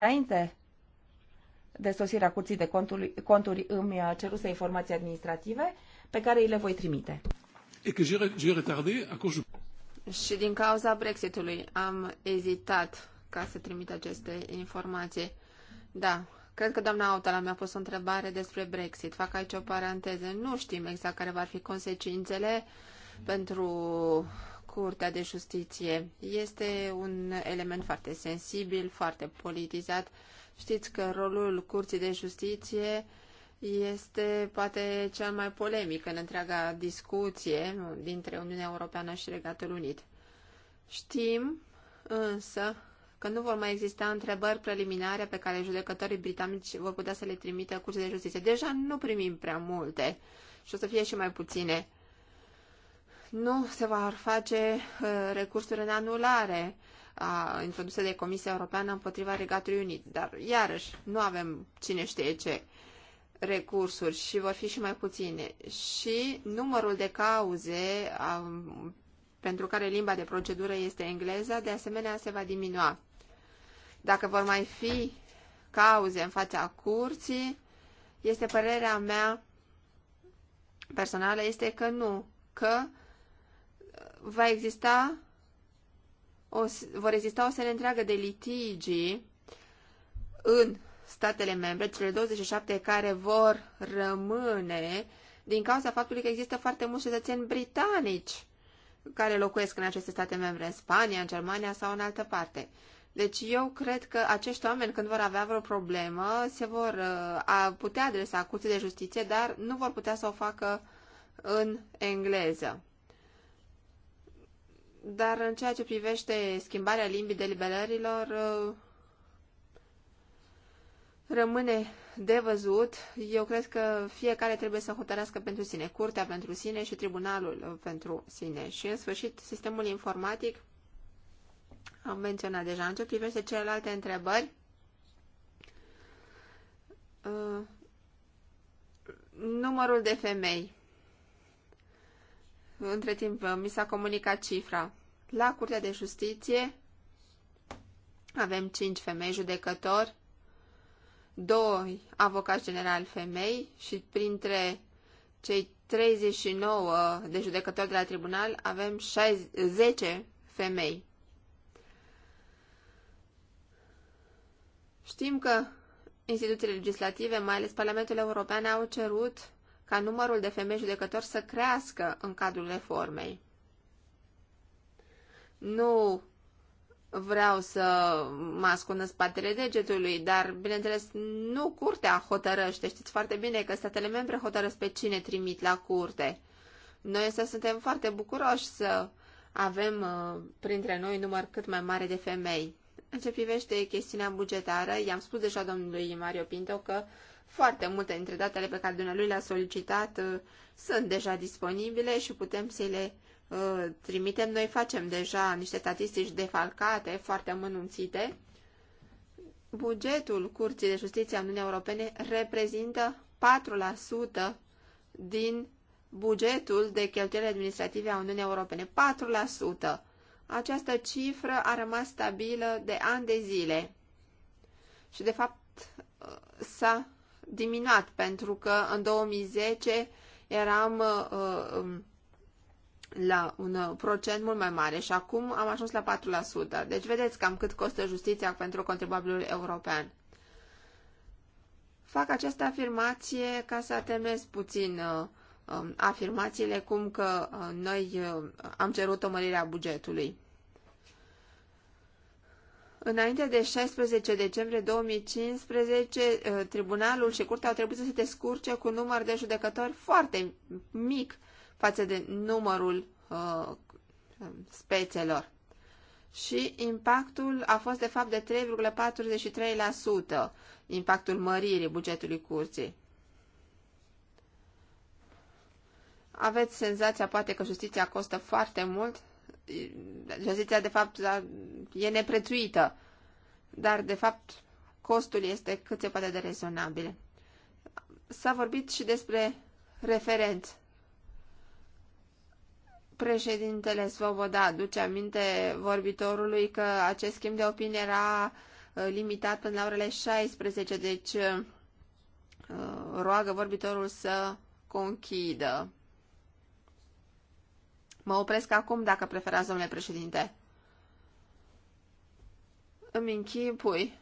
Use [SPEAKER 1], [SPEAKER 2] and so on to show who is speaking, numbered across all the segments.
[SPEAKER 1] Înainte de sosirea curții de conturi, conturi îmi ceruse informații
[SPEAKER 2] administrative pe care îi le voi trimite. E că Și din cauza Brexitului am ezitat ca să trimit aceste informații. Da, cred că doamna Autala mi-a pus o întrebare despre Brexit. Fac aici o paranteză. Nu știm exact care vor fi consecințele pentru Curtea de Justiție. Este un element foarte sensibil, foarte politizat. Știți că rolul Curții de Justiție este poate cel mai polemic în întreaga discuție dintre Uniunea Europeană și Regatul Unit. Știm însă că nu vor mai exista întrebări preliminare pe care judecătorii britanici vor putea să le trimită curții de justiție. Deja nu primim prea multe și o să fie și mai puține nu se va face uh, recursuri în anulare a introduse de Comisia Europeană împotriva Regatului Unit. Dar, iarăși, nu avem cine știe ce recursuri și vor fi și mai puține. Și numărul de cauze a, um, pentru care limba de procedură este engleza, de asemenea, se va diminua. Dacă vor mai fi cauze în fața curții, este părerea mea personală, este că nu, că va exista o, vor exista o serie întreagă de litigii în statele membre, cele 27 care vor rămâne, din cauza faptului că există foarte mulți cetățeni britanici care locuiesc în aceste state membre, în Spania, în Germania sau în altă parte. Deci eu cred că acești oameni, când vor avea vreo problemă, se vor uh, a putea adresa curții de justiție, dar nu vor putea să o facă în engleză. Dar în ceea ce privește schimbarea limbii deliberărilor, uh, rămâne de văzut. Eu cred că fiecare trebuie să hotărească pentru sine, curtea pentru sine și tribunalul uh, pentru sine. Și, în sfârșit, sistemul informatic, am menționat deja, în ce privește celelalte întrebări, uh, numărul de femei. Între timp, uh, mi s-a comunicat cifra. La Curtea de Justiție avem cinci femei judecători, doi avocați general femei și printre cei 39 de judecători de la tribunal avem 10 femei. Știm că instituțiile legislative, mai ales Parlamentul European, au cerut ca numărul de femei judecători să crească în cadrul reformei. Nu vreau să mă ascund în spatele degetului, dar, bineînțeles, nu curtea hotărăște. Știți foarte bine că statele membre hotărăsc pe cine trimit la curte. Noi însă suntem foarte bucuroși să avem uh, printre noi număr cât mai mare de femei. În ce privește chestiunea bugetară, i-am spus deja domnului Mario Pinto că foarte multe dintre datele pe care dumnealui le-a solicitat uh, sunt deja disponibile și putem să le uh, trimitem. Noi facem deja niște statistici defalcate, foarte mănunțite. Bugetul Curții de Justiție a Uniunii Europene reprezintă 4% din bugetul de cheltuieli administrative a Uniunii Europene. 4%. Această cifră a rămas stabilă de ani de zile și, de fapt, uh, s-a diminuat, pentru că în 2010 eram uh, um, la un uh, procent mult mai mare și acum am ajuns la 4%. Deci vedeți cam cât costă justiția pentru contribuabilul european. Fac această afirmație ca să atenuez puțin uh, um, afirmațiile cum că uh, noi uh, am cerut o mărire a bugetului. Înainte de 16 decembrie 2015, uh, tribunalul și curtea au trebuit să se descurce cu număr de judecători foarte mic față de numărul uh, spețelor. Și impactul a fost de fapt de 3,43%, impactul măririi bugetului curții. Aveți senzația poate că justiția costă foarte mult, justiția de fapt e neprețuită, dar de fapt costul este cât se poate de rezonabil. S-a vorbit și despre referent. Președintele Svoboda aduce aminte vorbitorului că acest schimb de opinie era uh, limitat până la orele 16, deci uh, roagă vorbitorul să conchidă. Mă opresc acum dacă preferați, domnule președinte. Îmi închipui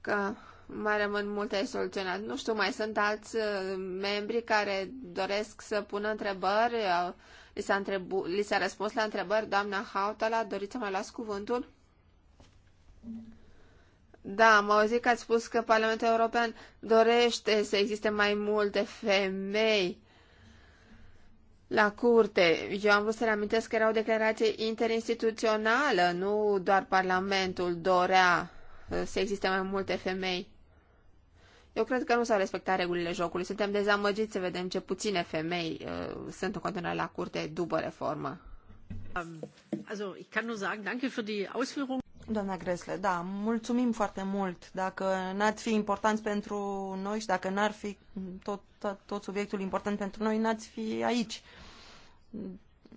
[SPEAKER 2] că mai rămân multe soluționate. Nu știu, mai sunt alți uh, membri care doresc să pună întrebări. Li s-a, întrebu- li s-a răspuns la întrebări. Doamna Hautala, doriți să mai luați cuvântul? Da, am auzit că ați spus că Parlamentul European dorește să existe mai multe femei la curte. Eu am vrut să reamintesc că era o declarație interinstituțională, nu doar Parlamentul dorea uh, să existe mai multe femei. Eu cred că nu s-au respectat regulile jocului. Suntem dezamăgiți să vedem ce puține femei uh, sunt în continuare la curte după reformă.
[SPEAKER 3] Um, Doamna Gresle, da, mulțumim foarte mult. Dacă n-ați fi important pentru noi și dacă n-ar fi tot, tot, tot subiectul important pentru noi, n-ați fi aici.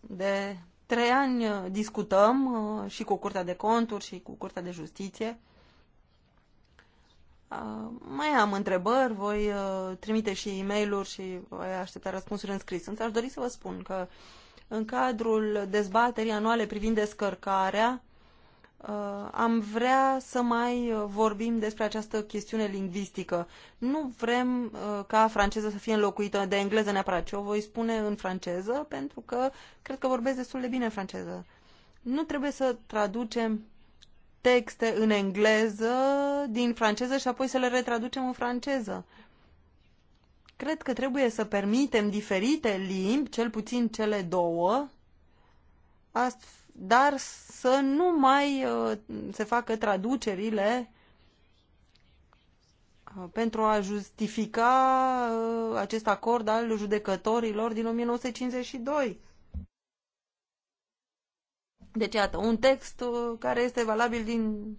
[SPEAKER 3] De trei ani uh, discutăm uh, și cu Curtea de Conturi și cu Curtea de Justiție. Uh, mai am întrebări, voi trimite și e mail și voi aștepta răspunsuri în scris. Însă aș dori să vă spun că în cadrul dezbaterii anuale privind descărcarea, Uh, am vrea să mai uh, vorbim despre această chestiune lingvistică. Nu vrem uh, ca franceza să fie înlocuită de engleză neapărat, ci o voi spune în franceză, pentru că cred că vorbesc destul de bine franceză. Nu trebuie să traducem texte în engleză din franceză și apoi să le retraducem în franceză. Cred că trebuie să permitem diferite limbi, cel puțin cele două, astfel dar să nu mai uh, se facă traducerile uh, pentru a justifica uh, acest acord al judecătorilor din 1952. Deci, iată, un text care este valabil din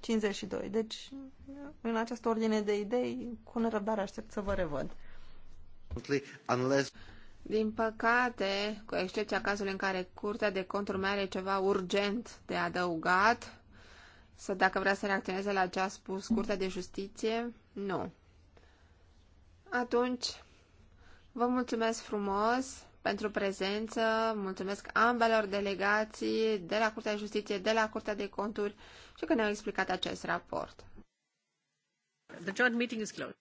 [SPEAKER 3] 52. Deci, în această ordine de idei, cu nerăbdare aștept să vă revăd. Unless...
[SPEAKER 2] Din păcate, cu excepția cazului în care Curtea de Conturi mai are ceva urgent de adăugat, Să dacă vrea să reacționeze la ce a spus Curtea de Justiție, nu. Atunci, vă mulțumesc frumos pentru prezență, mulțumesc ambelor delegații de la Curtea de Justiție, de la Curtea de Conturi și că ne-au explicat acest raport. The joint meeting is closed.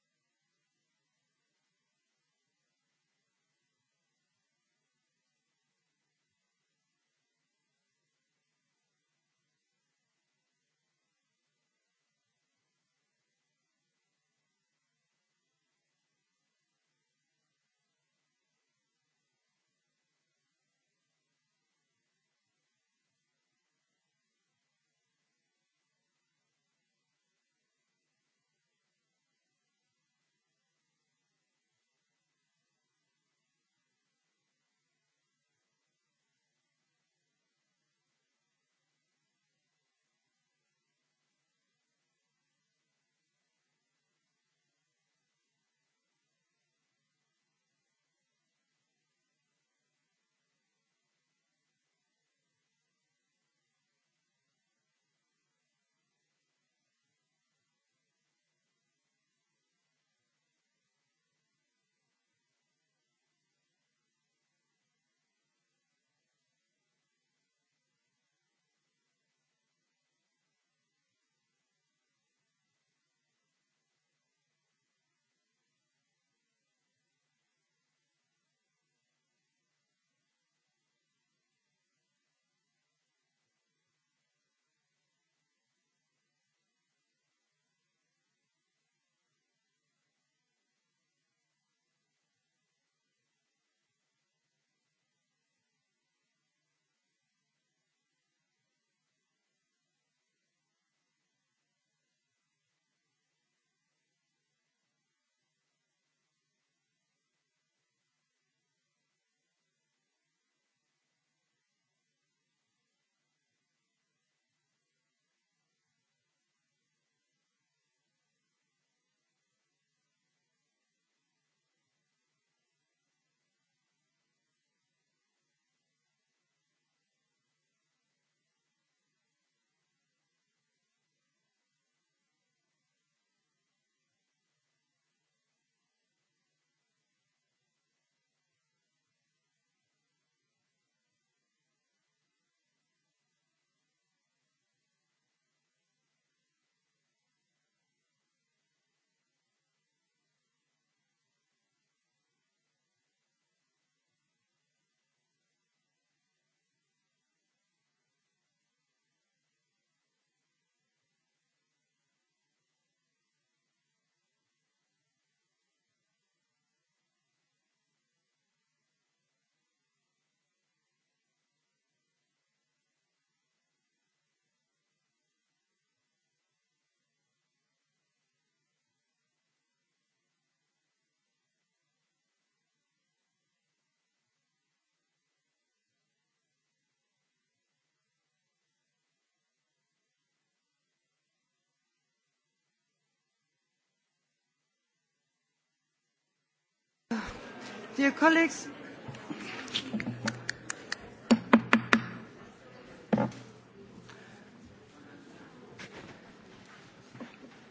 [SPEAKER 3] Dear colleagues,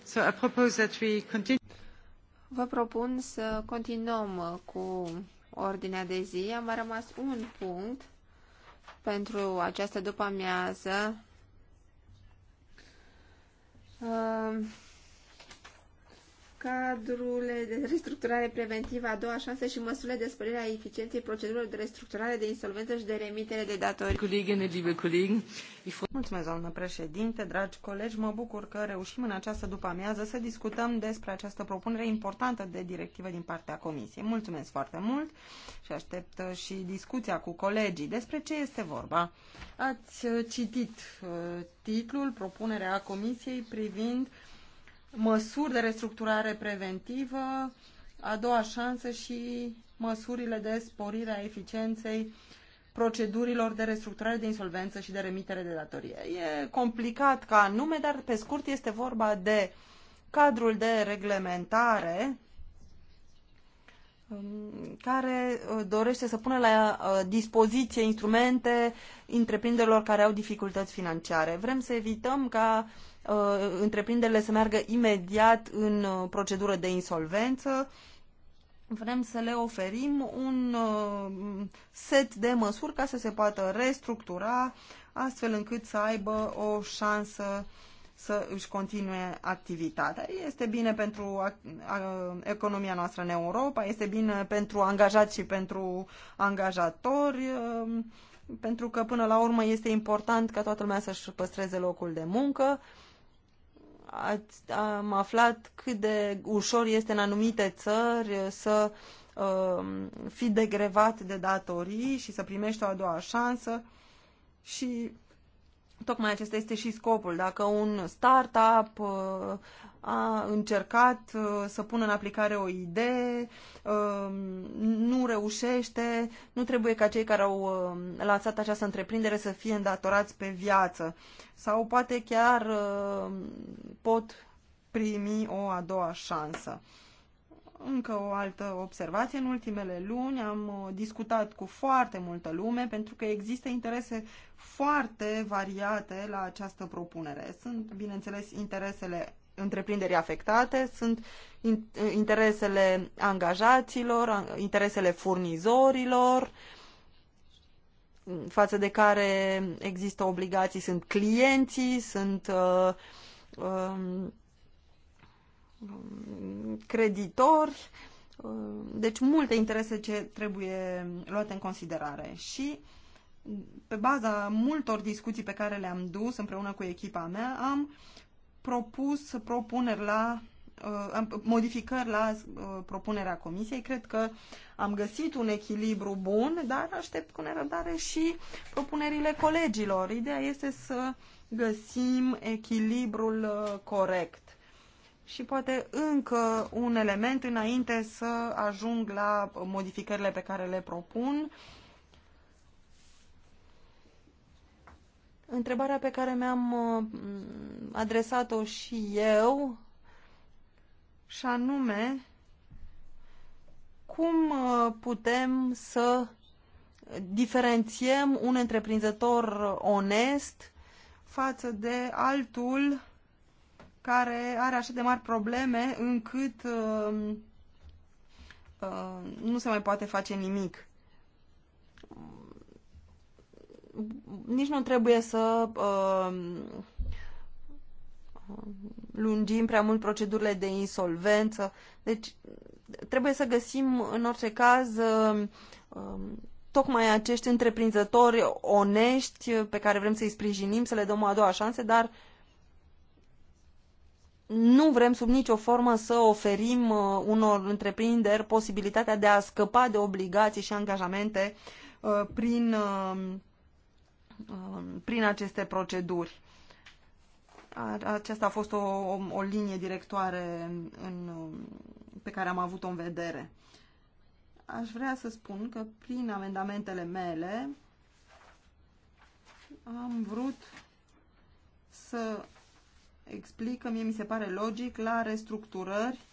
[SPEAKER 2] so I propose that we continue. Vă propun să continuăm cu ordinea de zi. Am mai rămas un punct pentru această după-amiază. Uh, cadrul de restructurare preventivă a doua șansă și măsurile de spărire a eficienței procedurilor de restructurare de insolvență și de remitere de
[SPEAKER 3] datorii. Mulțumesc, doamnă președinte, dragi colegi, mă bucur că reușim în această după-amiază să discutăm despre această propunere importantă de directivă din partea Comisiei. Mulțumesc foarte mult și aștept și discuția cu colegii despre ce este vorba. Ați citit uh, titlul, propunerea Comisiei privind măsuri de restructurare preventivă, a doua șansă și măsurile de sporire a eficienței procedurilor de restructurare de insolvență și de remitere de datorie. E complicat ca nume, dar pe scurt este vorba de cadrul de reglementare um, care uh, dorește să pună la uh, dispoziție instrumente întreprinderilor care au dificultăți financiare. Vrem să evităm ca Uh, întreprinderile să meargă imediat în uh, procedură de insolvență. Vrem să le oferim un uh, set de măsuri ca să se poată restructura, astfel încât să aibă o șansă să își continue activitatea. Este bine pentru economia noastră în Europa, este bine pentru angajați și pentru angajatori, pentru că până la urmă este important ca toată lumea să-și păstreze locul de muncă ați, am aflat cât de ușor este în anumite țări să uh, um, fii degrevat de datorii și să primești o a doua șansă și tocmai acesta este și scopul. Dacă un startup uh, a încercat uh, să pună în aplicare o idee, um, nu reușește, nu trebuie ca cei care au um, lansat această întreprindere să fie îndatorați pe viață sau poate chiar um, pot primi o a doua șansă. Încă o altă observație, în ultimele luni am uh, discutat cu foarte multă lume pentru că există interese foarte variate la această propunere. Sunt, bineînțeles, interesele întreprinderii afectate, sunt interesele angajaților, interesele furnizorilor, față de care există obligații, sunt clienții, sunt uh, uh, creditori, uh, deci multe interese ce trebuie luate în considerare și pe baza multor discuții pe care le-am dus împreună cu echipa mea, am propus propuneri la uh, modificări la uh, propunerea comisiei. Cred că am găsit un echilibru bun, dar aștept cu nerăbdare și propunerile colegilor. Ideea este să găsim echilibrul uh, corect. Și poate încă un element înainte să ajung la modificările pe care le propun. Uh, Întrebarea pe care mi-am uh, adresat-o și eu, și anume, cum uh, putem să diferențiem un întreprinzător onest față de altul care are așa de mari probleme încât uh, uh, nu se mai poate face nimic nici nu trebuie să uh, lungim prea mult procedurile de insolvență. Deci trebuie să găsim în orice caz uh, um, tocmai acești întreprinzători onești pe care vrem să-i sprijinim, să le dăm o a doua șanse, dar nu vrem sub nicio formă să oferim uh, unor întreprinderi posibilitatea de a scăpa de obligații și angajamente uh, prin uh, Um, prin aceste proceduri. Aceasta a fost o, o, o linie directoare în, um, pe care am avut-o în vedere. Aș vrea să spun că prin amendamentele mele am vrut să explic că mie mi se pare logic la restructurări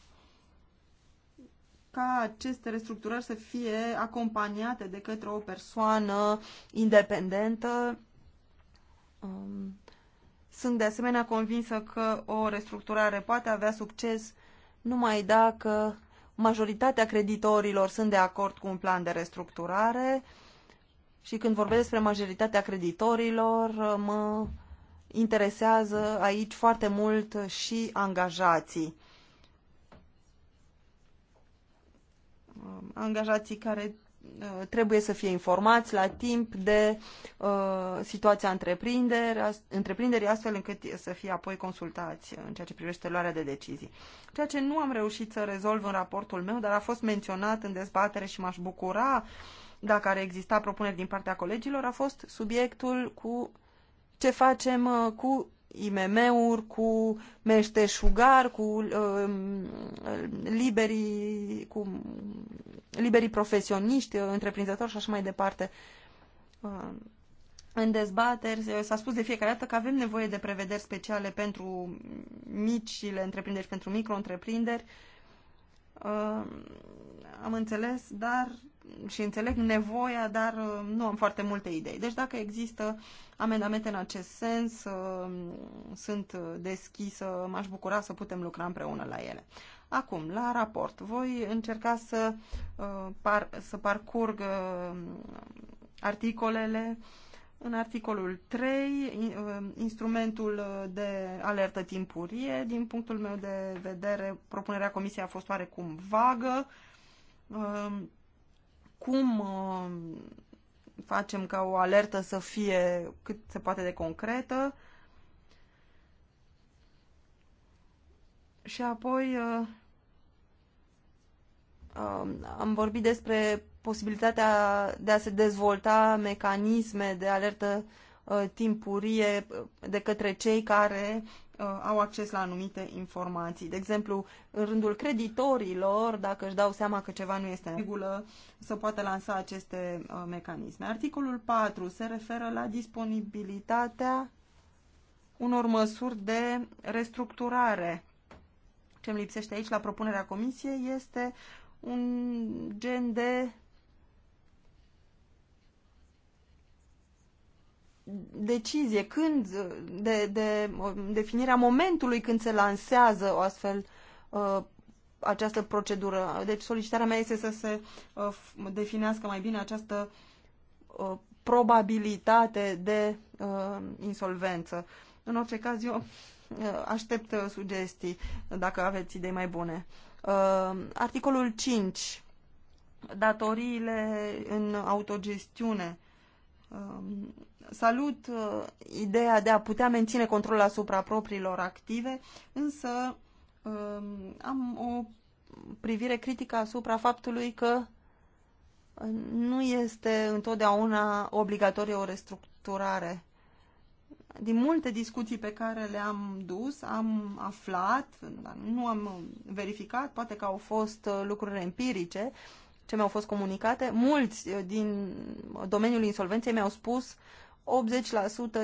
[SPEAKER 3] ca aceste restructurări să fie acompaniate de către o persoană independentă. Um, sunt de asemenea convinsă că o restructurare poate avea succes numai dacă majoritatea creditorilor sunt de acord cu un plan de restructurare și când vorbesc despre majoritatea creditorilor, mă interesează aici foarte mult și angajații angajații care uh, trebuie să fie informați la timp de uh, situația întreprinderii, întreprinderii, astfel încât să fie apoi consultați în ceea ce privește luarea de decizii. Ceea ce nu am reușit să rezolv în raportul meu, dar a fost menționat în dezbatere și m-aș bucura dacă ar exista propuneri din partea colegilor, a fost subiectul cu ce facem uh, cu IMM-uri, cu meșteșugar, cu uh, liberii, cu liberii profesioniști, întreprinzători și așa mai departe. Uh, în dezbateri s-a spus de fiecare dată că avem nevoie de prevederi speciale pentru micile întreprinderi, pentru micro-întreprinderi. Uh, am înțeles, dar și înțeleg nevoia, dar uh, nu am foarte multe idei. Deci dacă există amendamente în acest sens, uh, sunt deschisă, m-aș bucura să putem lucra împreună la ele. Acum, la raport, voi încerca să, uh, par, să parcurg articolele în articolul 3, instrumentul de alertă timpurie, din punctul meu de vedere, propunerea comisiei a fost oarecum vagă cum uh, facem ca o alertă să fie cât se poate de concretă și apoi uh, um, am vorbit despre posibilitatea de a se dezvolta mecanisme de alertă uh, timpurie de către cei care Uh, au acces la anumite informații. De exemplu, în rândul creditorilor, dacă își dau seama că ceva nu este în regulă, să poată lansa aceste uh, mecanisme. Articolul 4 se referă la disponibilitatea unor măsuri de restructurare. Ce îmi lipsește aici la propunerea comisiei este un gen de decizie, când, de, de definirea momentului când se lansează o astfel uh, această procedură. Deci solicitarea mea este să se uh, definească mai bine această uh, probabilitate de uh, insolvență. În orice caz, eu uh, aștept uh, sugestii dacă aveți idei mai bune. Uh, articolul 5. Datoriile în autogestiune. Um, salut uh, ideea de a putea menține controlul asupra propriilor active, însă um, am o privire critică asupra faptului că uh, nu este întotdeauna obligatorie o restructurare. Din multe discuții pe care le-am dus, am aflat, dar nu am verificat, poate că au fost uh, lucruri empirice, uh, ce mi-au fost comunicate, mulți uh, din domeniul insolvenței mi-au spus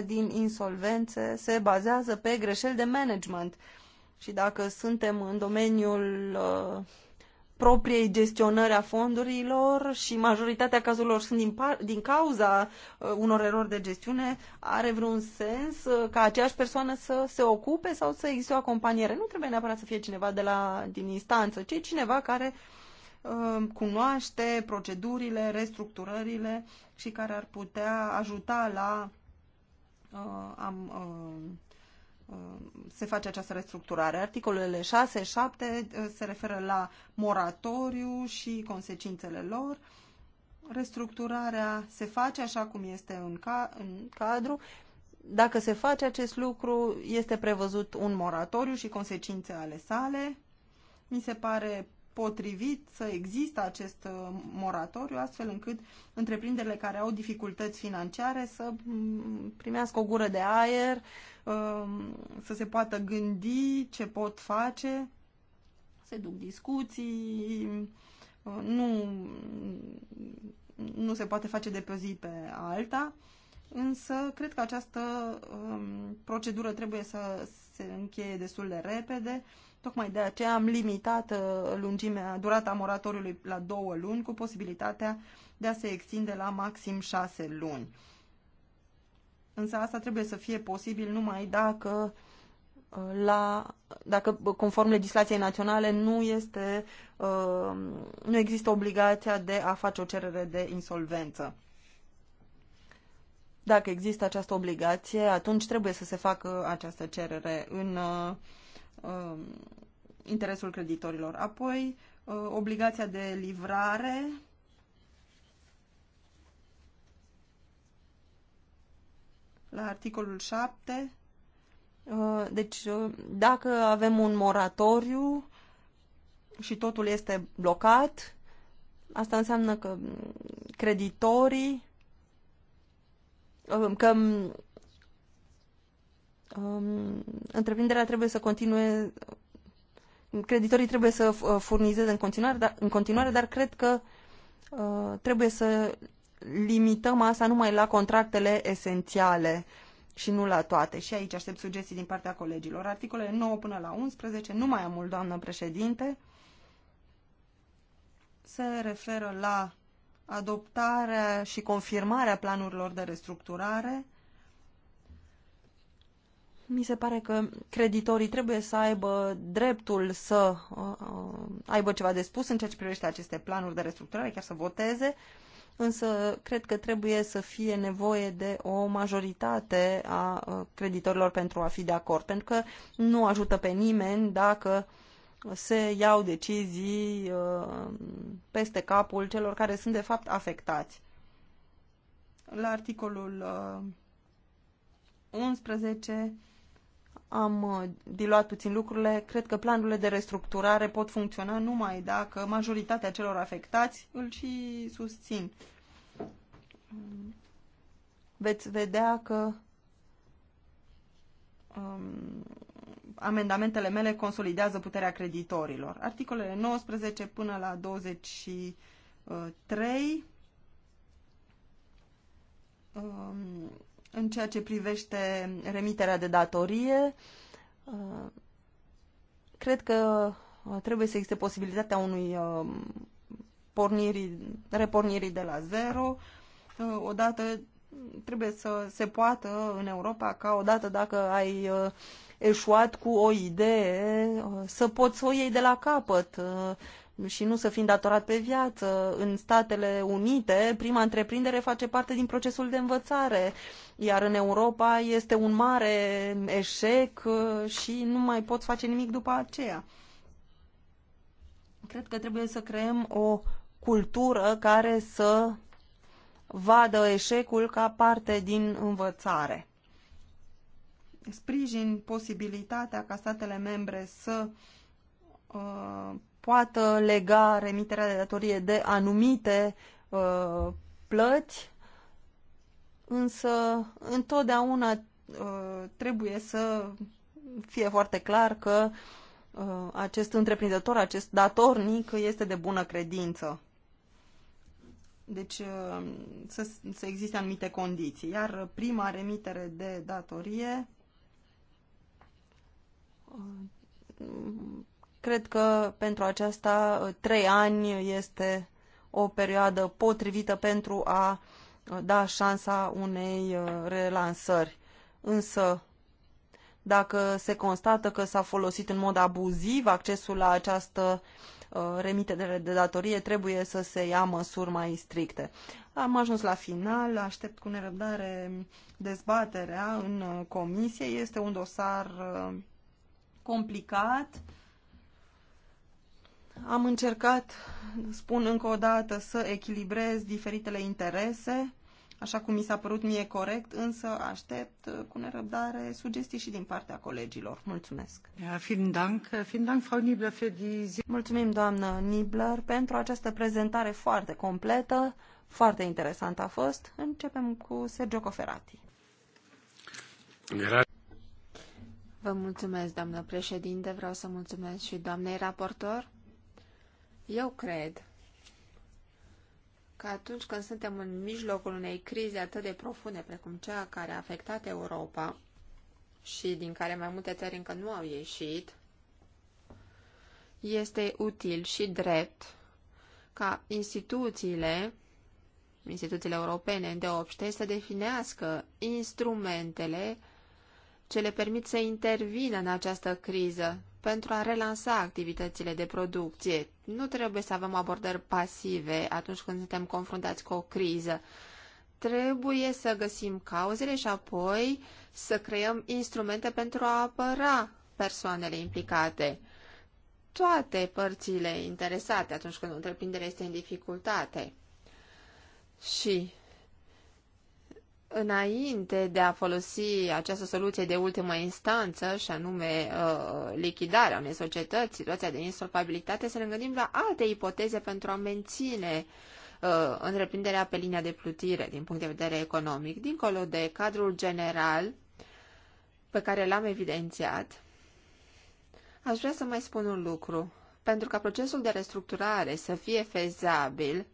[SPEAKER 3] 80% din insolvențe se bazează pe greșeli de management. Și dacă suntem în domeniul uh, propriei gestionări a fondurilor și majoritatea cazurilor sunt din, din cauza uh, unor erori de gestiune, are vreun sens uh, ca aceeași persoană să se ocupe sau să existe o acompaniere? Nu trebuie neapărat să fie cineva de la, din instanță, ci cineva care uh, Um, cunoaște procedurile, restructurările și care ar putea ajuta la uh, am, uh, uh, se face această restructurare. Articolele 6, 7 se referă la moratoriu și consecințele lor. Restructurarea se face așa cum este în, ca, în cadru. Dacă se face acest lucru, este prevăzut un moratoriu și consecințe ale sale. Mi se pare potrivit să există acest uh, moratoriu, astfel încât întreprinderile care au dificultăți financiare să mm, primească o gură de aer, um, să se poată gândi ce pot face, se duc discuții, uh, nu, nu se poate face de pe o zi pe alta, însă cred că această um, procedură trebuie să se încheie destul de repede, Tocmai de aceea am limitat uh, lungimea, durata moratoriului la două luni, cu posibilitatea de a se extinde la maxim șase luni. Însă asta trebuie să fie posibil numai dacă uh, la, dacă conform legislației naționale nu, este, uh, nu există obligația de a face o cerere de insolvență. Dacă există această obligație, atunci trebuie să se facă această cerere în uh, interesul creditorilor. Apoi, uh, obligația de livrare la articolul 7. Uh, deci, uh, dacă avem un moratoriu și totul este blocat, asta înseamnă că um, creditorii um, că um, întreprinderea trebuie să continue, creditorii trebuie să uh, furnizeze în continuare, dar, în continuare, dar cred că uh, trebuie să limităm asta numai la contractele esențiale și nu la toate. Și aici aștept sugestii din partea colegilor. Articolele 9 până la 11, nu mai am mult, doamnă președinte, se referă la adoptarea și confirmarea planurilor de restructurare, mi se pare că creditorii trebuie să aibă dreptul să uh, uh, aibă ceva de spus în ceea ce privește aceste planuri de restructurare, chiar să voteze, însă cred că trebuie să fie nevoie de o majoritate a uh, creditorilor pentru a fi de acord, pentru că nu ajută pe nimeni dacă se iau decizii uh, peste capul celor care sunt de fapt afectați. La articolul uh, 11 am uh, diluat puțin lucrurile, cred că planurile de restructurare pot funcționa numai dacă majoritatea celor afectați îl și susțin. Veți vedea că um, amendamentele mele consolidează puterea creditorilor. Articolele 19 până la 23 um, în ceea ce privește remiterea de datorie, uh, cred că uh, trebuie să existe posibilitatea unui uh, pornirii, repornirii de la zero. Odată trebuie să se poată în Europa ca odată dacă ai eșuat cu o idee, să poți să o iei de la capăt, și nu să fim datorat pe viață. În Statele Unite, prima întreprindere face parte din procesul de învățare, iar în Europa este un mare eșec uh, și nu mai poți face nimic după aceea. Cred că trebuie să creăm o cultură care să vadă eșecul ca parte din învățare. Sprijin posibilitatea ca statele membre să uh, poată lega remiterea de datorie de anumite uh, plăți, însă întotdeauna uh, trebuie să fie foarte clar că uh, acest întreprinzător, acest datornic este de bună credință. Deci uh, să, să existe anumite condiții. Iar prima remitere de datorie uh, Cred că pentru aceasta ă, trei ani este o perioadă potrivită pentru a ă, da șansa unei ă, relansări. Însă, dacă se constată că s-a folosit în mod abuziv accesul la această remitere de datorie, trebuie să se ia măsuri mai stricte. Am ajuns la final, aștept cu nerăbdare dezbaterea în comisie. Este un dosar complicat am încercat, spun încă o dată, să echilibrez diferitele interese, așa cum mi s-a părut mie corect, însă aștept uh, cu nerăbdare sugestii și din partea colegilor. Mulțumesc! Ja, vielen Dank, vielen Dank, Frau Nibler, für die... Mulțumim, doamnă Nibler, pentru această prezentare foarte completă, foarte interesantă a fost. Începem cu Sergio Coferati.
[SPEAKER 2] Vă mulțumesc, doamnă președinte. Vreau să mulțumesc și doamnei raportor eu cred că atunci când suntem în mijlocul unei crize atât de profunde precum cea care a afectat Europa și din care mai multe țări încă nu au ieșit, este util și drept ca instituțiile, instituțiile europene de obște, să definească instrumentele ce le permit să intervină în această criză, pentru a relansa activitățile de producție. Nu trebuie să avem abordări pasive atunci când suntem confruntați cu o criză. Trebuie să găsim cauzele și apoi să creăm instrumente pentru a apăra persoanele implicate. Toate părțile interesate atunci când o întreprindere este în dificultate. Și înainte de a folosi această soluție de ultimă instanță, și anume uh, lichidarea unei societăți, situația de insolvabilitate, să ne gândim la alte ipoteze pentru a menține uh, întreprinderea pe linia de plutire din punct de vedere economic, dincolo de cadrul general pe care l-am evidențiat. Aș vrea să mai spun un lucru. Pentru ca procesul de restructurare să fie fezabil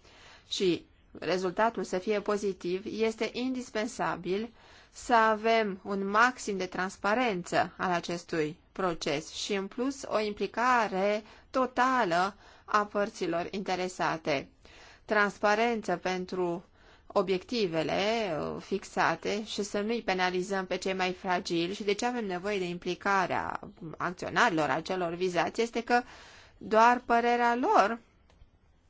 [SPEAKER 2] și rezultatul să fie pozitiv, este indispensabil să avem un maxim de transparență al acestui proces și, în plus, o implicare totală a părților interesate. Transparență pentru obiectivele uh, fixate și să nu-i penalizăm pe cei mai fragili și de ce avem nevoie de implicarea acționarilor, a celor vizați, este că doar părerea lor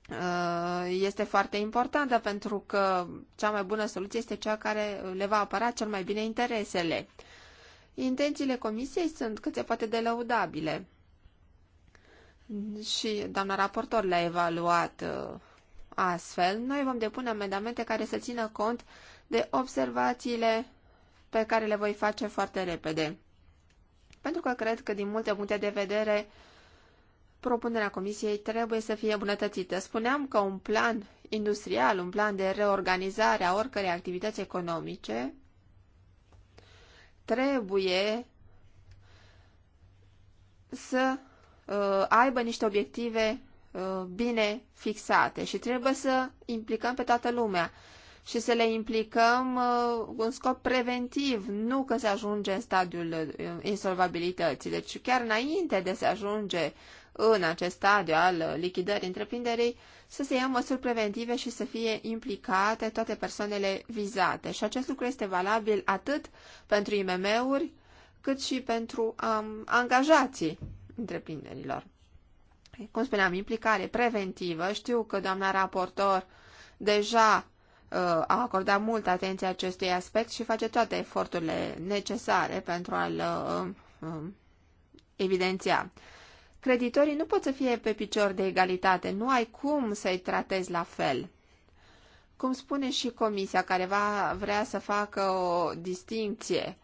[SPEAKER 2] Uh, este foarte importantă pentru că cea mai bună soluție este cea care le va apăra cel mai bine interesele. Intențiile comisiei sunt cât se poate de lăudabile. Și doamna raportor le-a evaluat uh, astfel. Noi vom depune amendamente care să țină cont de observațiile pe care le voi face foarte repede. Pentru că cred că din multe puncte de vedere propunerea Comisiei trebuie să fie îmbunătățită. Spuneam că un plan industrial, un plan de reorganizare a oricărei activități economice trebuie să uh, aibă niște obiective uh, bine fixate și trebuie să implicăm pe toată lumea și să le implicăm uh, un scop preventiv, nu că se ajunge în stadiul uh, insolvabilității. Deci chiar înainte de se ajunge în acest stadiu al uh, lichidării întreprinderii, să se ia măsuri preventive și să fie implicate toate persoanele vizate. Și acest lucru este valabil atât pentru IMM-uri, cât și pentru um, angajații întreprinderilor. Cum spuneam, implicare preventivă. Știu că doamna raportor deja uh, a acordat multă atenție acestui aspect și face toate eforturile necesare pentru a-l uh, uh, evidenția. Creditorii nu pot să fie pe picior de egalitate, nu ai cum să-i tratezi la fel. Cum spune și comisia care va vrea să facă o distinție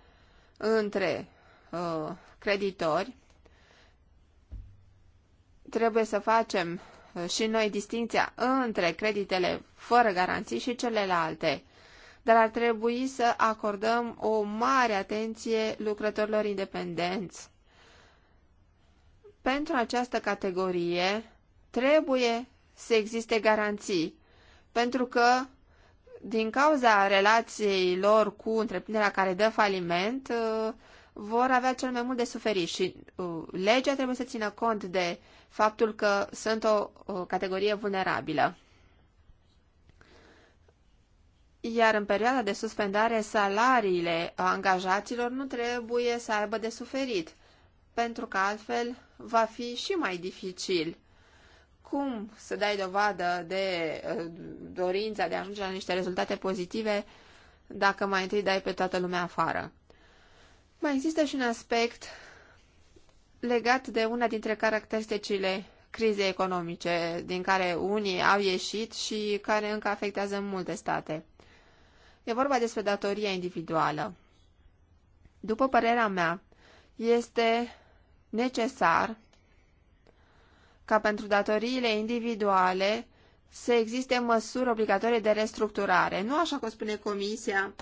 [SPEAKER 2] între uh, creditori, trebuie să facem uh, și noi distinția între creditele fără garanții și celelalte, dar ar trebui să acordăm o mare atenție lucrătorilor independenți pentru această categorie trebuie să existe garanții, pentru că din cauza relației lor cu întreprinderea care dă faliment, uh, vor avea cel mai mult de suferit și uh, legea trebuie să țină cont de faptul că sunt o, o categorie vulnerabilă. Iar în perioada de suspendare, salariile angajaților nu trebuie să aibă de suferit pentru că altfel va fi și mai dificil. Cum să dai dovadă de uh, dorința de a ajunge la niște rezultate pozitive dacă mai întâi dai pe toată lumea afară? Mai există și un aspect legat de una dintre caracteristicile crizei economice, din care unii au ieșit și care încă afectează multe state. E vorba despre datoria individuală. După părerea mea, este necesar ca pentru datoriile individuale să existe măsuri obligatorii de restructurare. Nu așa cum spune Comisia,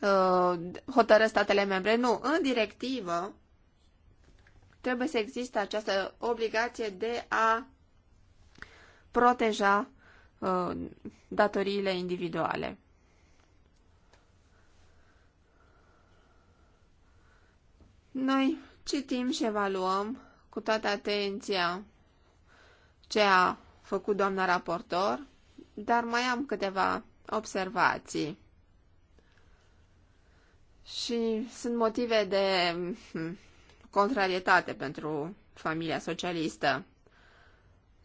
[SPEAKER 2] uh, hotără statele membre. Nu, în directivă trebuie să existe această obligație de a proteja uh, datoriile individuale. Noi citim și evaluăm cu toată atenția ce a făcut doamna raportor, dar mai am câteva observații. Și sunt motive de hmm, contrarietate pentru familia socialistă.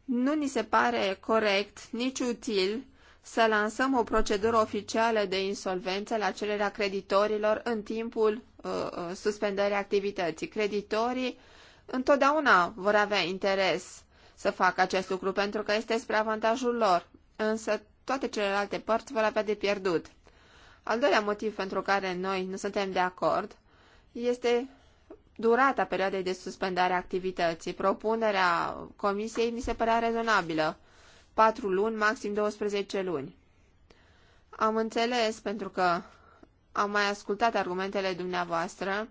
[SPEAKER 2] Nu ni se pare corect, nici util, să lansăm o procedură oficială de insolvență la cererea creditorilor în timpul Uh, uh, suspendării activității. Creditorii întotdeauna vor avea interes să facă acest lucru pentru că este spre avantajul lor, însă toate celelalte părți vor avea de pierdut. Al doilea motiv pentru care noi nu suntem de acord este durata perioadei de suspendare a activității. Propunerea comisiei mi se părea rezonabilă. 4 luni, maxim 12 luni. Am înțeles pentru că am mai ascultat argumentele dumneavoastră,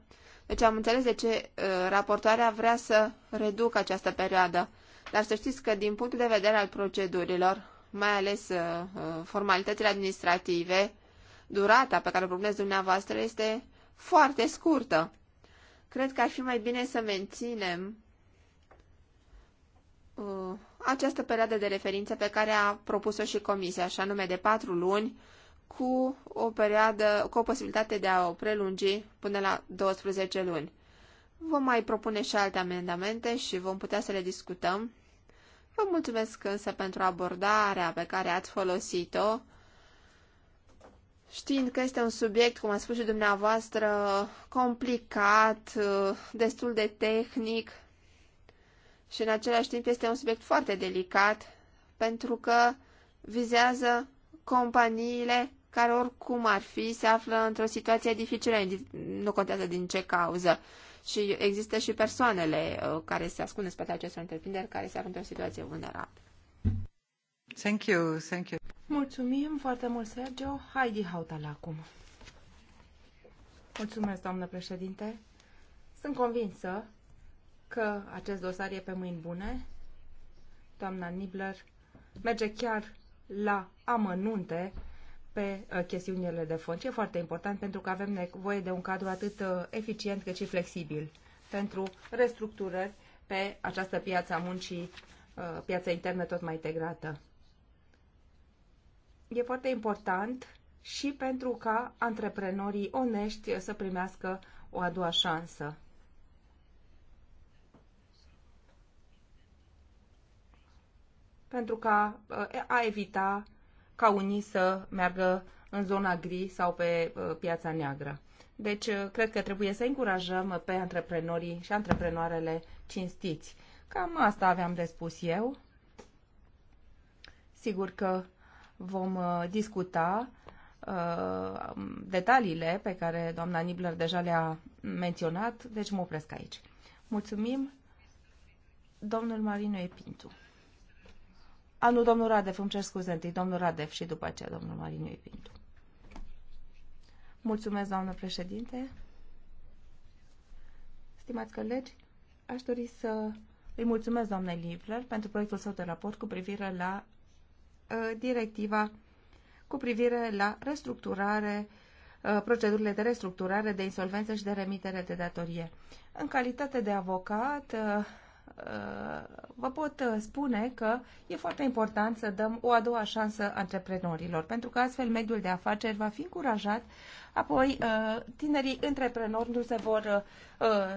[SPEAKER 2] deci am înțeles de ce uh, raportoarea vrea să reducă această perioadă. Dar să știți că din punct de vedere al procedurilor, mai ales uh, uh, formalitățile administrative, durata pe care o propuneți dumneavoastră este foarte scurtă. Cred că ar fi mai bine să menținem această perioadă de referință pe care a propus-o și Comisia, așa nume de patru luni, cu o perioadă, cu o posibilitate de a o prelungi până la 12 luni. Vom mai propune și alte amendamente și vom putea să le discutăm. Vă mulțumesc însă pentru abordarea pe care ați folosit-o, știind că este un subiect, cum a spus și dumneavoastră, complicat, destul de tehnic și în același timp este un subiect foarte delicat, pentru că vizează companiile care oricum ar fi se află într-o situație dificilă, nu contează din ce cauză. Și există și persoanele uh, care se ascund în spatele acestor întreprinderi care se află într-o situație vulnerabilă.
[SPEAKER 3] Thank you, thank you.
[SPEAKER 2] Mulțumim
[SPEAKER 1] foarte mult, Sergio. Heidi Hautala acum. Mulțumesc, doamnă președinte. Sunt convinsă că acest dosar e pe mâini bune. Doamna Nibler merge chiar la amănunte pe uh, chestiunile de fond, ce e foarte important pentru că avem nevoie de un cadru atât uh, eficient cât și flexibil pentru restructurări pe această piață a muncii, uh, piața internă tot mai integrată. E foarte important și pentru ca antreprenorii onești să primească o a doua șansă. pentru ca eh, a evita ca unii să meargă în zona gri sau pe eh, piața neagră. Deci, eh, cred că trebuie să încurajăm pe antreprenorii și antreprenoarele cinstiți. Cam asta aveam de spus eu. Sigur că vom discuta detaliile pe care doamna Nibler deja le-a menționat, deci mă opresc aici. Mulțumim, domnul Marino Epintu. A, ah, nu, domnul Radev, îmi cer scuze întâi, domnul Radev și după aceea domnul Mariniu Ipintu. Mulțumesc, doamnă președinte. Stimați colegi, aș dori să îi mulțumesc doamnei Livler pentru proiectul său de raport cu privire la uh, directiva cu privire la restructurare, uh, procedurile de restructurare, de insolvență și de remitere de datorie. În calitate de avocat, uh, Uh, vă pot uh, spune că e foarte important să dăm o a doua șansă antreprenorilor, pentru că astfel mediul de afaceri va fi încurajat, apoi uh, tinerii antreprenori nu se vor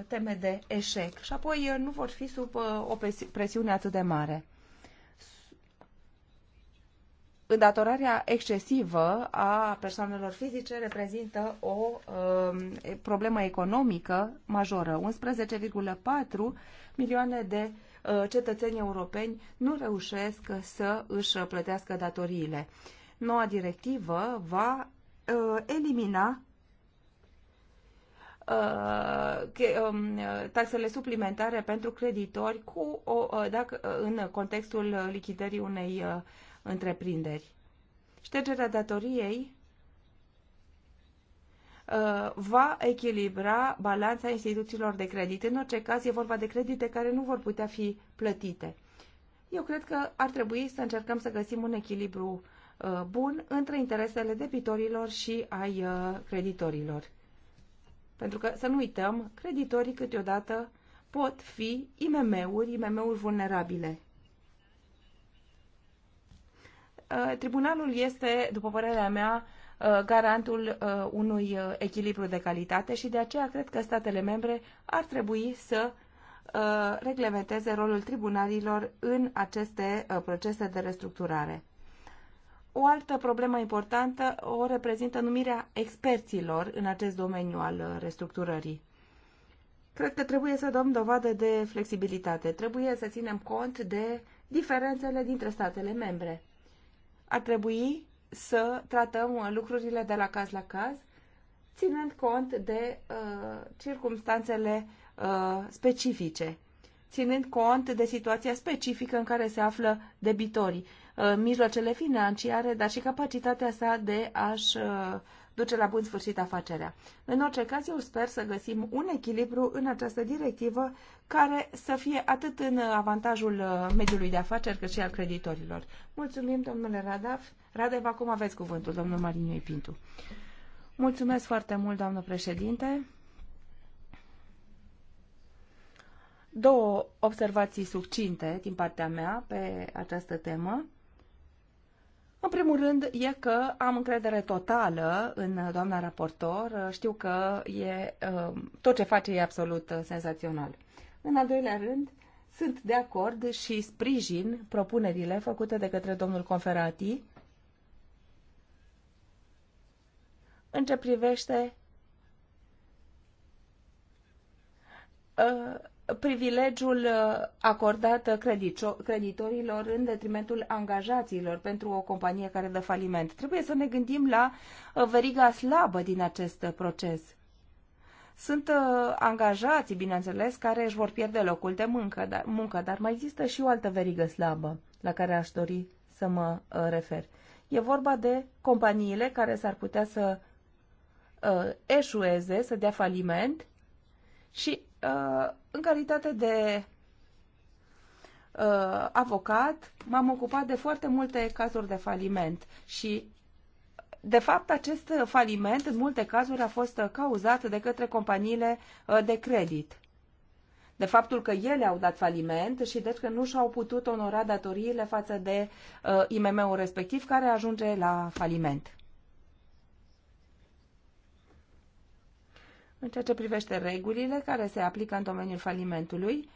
[SPEAKER 1] teme de eșec și apoi nu vor fi sub o presiune atât de mare îndatorarea excesivă a persoanelor fizice reprezintă o um, problemă economică majoră. 11,4 milioane de uh, cetățeni europeni nu reușesc să își plătească datoriile. Noua directivă va uh, elimina uh, um, taxele suplimentare pentru creditori cu o, uh, dacă, uh, în contextul lichidării unei întreprinderi. Ștergerea datoriei uh, va echilibra balanța instituțiilor de credit. În orice caz, e vorba de credite care nu vor putea fi plătite. Eu cred că ar trebui să încercăm să găsim un echilibru uh, bun între interesele debitorilor și ai uh, creditorilor. Pentru că, să nu uităm, creditorii câteodată pot fi IMM-uri, IMM-uri vulnerabile. Uh, tribunalul este, după părerea mea, uh, garantul uh, unui echilibru de calitate și de aceea cred că statele membre ar trebui să reglementeze rolul tribunalilor în aceste procese de restructurare. O altă problemă importantă o reprezintă numirea experților în acest domeniu al restructurării. Cred că trebuie să dăm dovadă de flexibilitate, trebuie să ținem cont de diferențele dintre statele membre ar trebui să tratăm lucrurile de la caz la caz, ținând cont de uh, circumstanțele uh, specifice, ținând cont de situația specifică în care se află debitorii, uh, mijloacele financiare, dar și capacitatea sa de a-și uh, duce la bun sfârșit afacerea. În orice caz, eu sper să găsim un echilibru în această directivă care să fie atât în avantajul uh, mediului de afaceri cât și al creditorilor. Mulțumim, domnule Radav. Radev, acum aveți cuvântul, domnul marinioi Pintu. Mulțumesc foarte mult, doamnă președinte. Două observații succinte din partea mea pe această temă. În primul rând, e că am încredere totală în doamna raportor. Știu că e, um, tot ce face e absolut uh, senzațional. În al doilea rând, sunt de acord și sprijin propunerile făcute de către domnul Conferati în ce privește uh, privilegiul uh, acordat uh, creditorilor în detrimentul angajaților pentru o companie care dă faliment. Trebuie să ne gândim la uh, veriga slabă din acest proces. Sunt angajații, bineînțeles, care își vor pierde locul de muncă dar, muncă, dar mai există și o altă verigă slabă la care aș dori să mă refer. E vorba de companiile care s-ar putea să uh, eșueze, să dea faliment și uh, în calitate de uh, avocat, m-am ocupat de foarte multe cazuri de faliment și de fapt, acest faliment, în multe cazuri, a fost cauzat de către companiile uh, de credit. De faptul că ele au dat faliment și deci că nu și-au putut onora datoriile față de uh, IMM-ul respectiv care ajunge la faliment. În ceea ce privește regulile care se aplică în domeniul falimentului,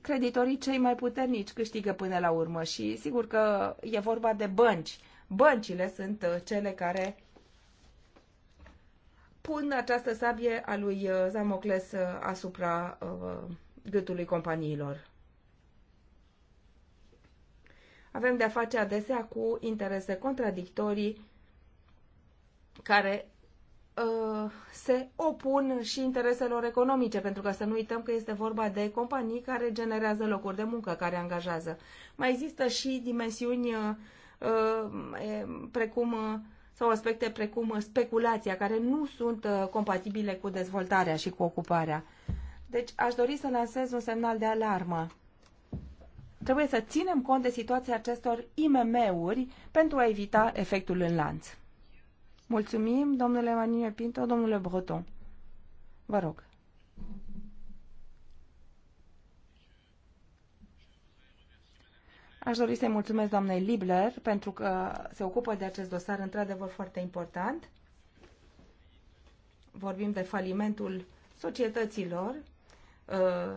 [SPEAKER 1] creditorii cei mai puternici câștigă până la urmă și sigur că e vorba de bănci. Băncile sunt uh, cele care pun această sabie a lui uh, Zamocles uh, asupra gâtului companiilor. Avem de-a face adesea cu interese contradictorii care Uh, se opun și intereselor economice, pentru că să nu uităm că este vorba de companii care generează locuri de muncă, care angajează. Mai există și dimensiuni uh, uh, precum sau aspecte precum speculația, care nu sunt compatibile cu dezvoltarea și cu ocuparea. Deci aș dori să lansez un semnal de alarmă. Trebuie să ținem cont de situația acestor IMM-uri pentru a evita efectul în lanț. Mulțumim, domnule Manine Pinto, domnule Breton. Vă rog. Aș dori să-i mulțumesc doamnei Libler pentru că se ocupă de acest dosar într-adevăr foarte important. Vorbim de falimentul societăților, uh,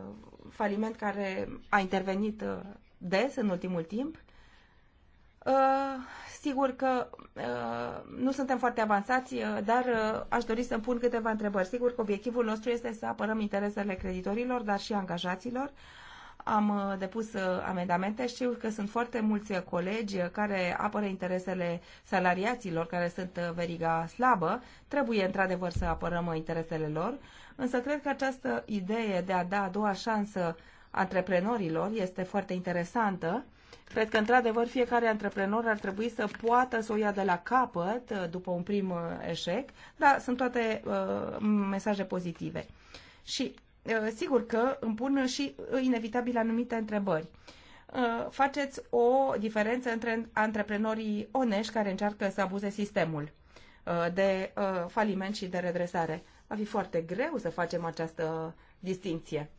[SPEAKER 1] faliment care a intervenit uh, des în ultimul timp. Uh, sigur că uh, nu suntem foarte avansați, uh, dar aș dori să-mi pun câteva întrebări. Sigur că obiectivul nostru este să apărăm interesele creditorilor, dar și angajaților. Am depus amendamente. Știu că sunt foarte mulți colegi care apără interesele salariaților, care sunt veriga slabă. Trebuie, într-adevăr, să apărăm interesele lor. Însă cred că această idee de a da a doua șansă antreprenorilor este foarte interesantă Cred că, într-adevăr, fiecare antreprenor ar trebui să poată să o ia de la capăt uh, după un prim uh, eșec, dar sunt toate uh, mesaje pozitive. Și uh, sigur că îmi pun și uh, inevitabil anumite întrebări. Uh, faceți o diferență între antreprenorii onești care încearcă să abuze sistemul uh, de faliment și de redresare. Va fi foarte greu să facem această distinție.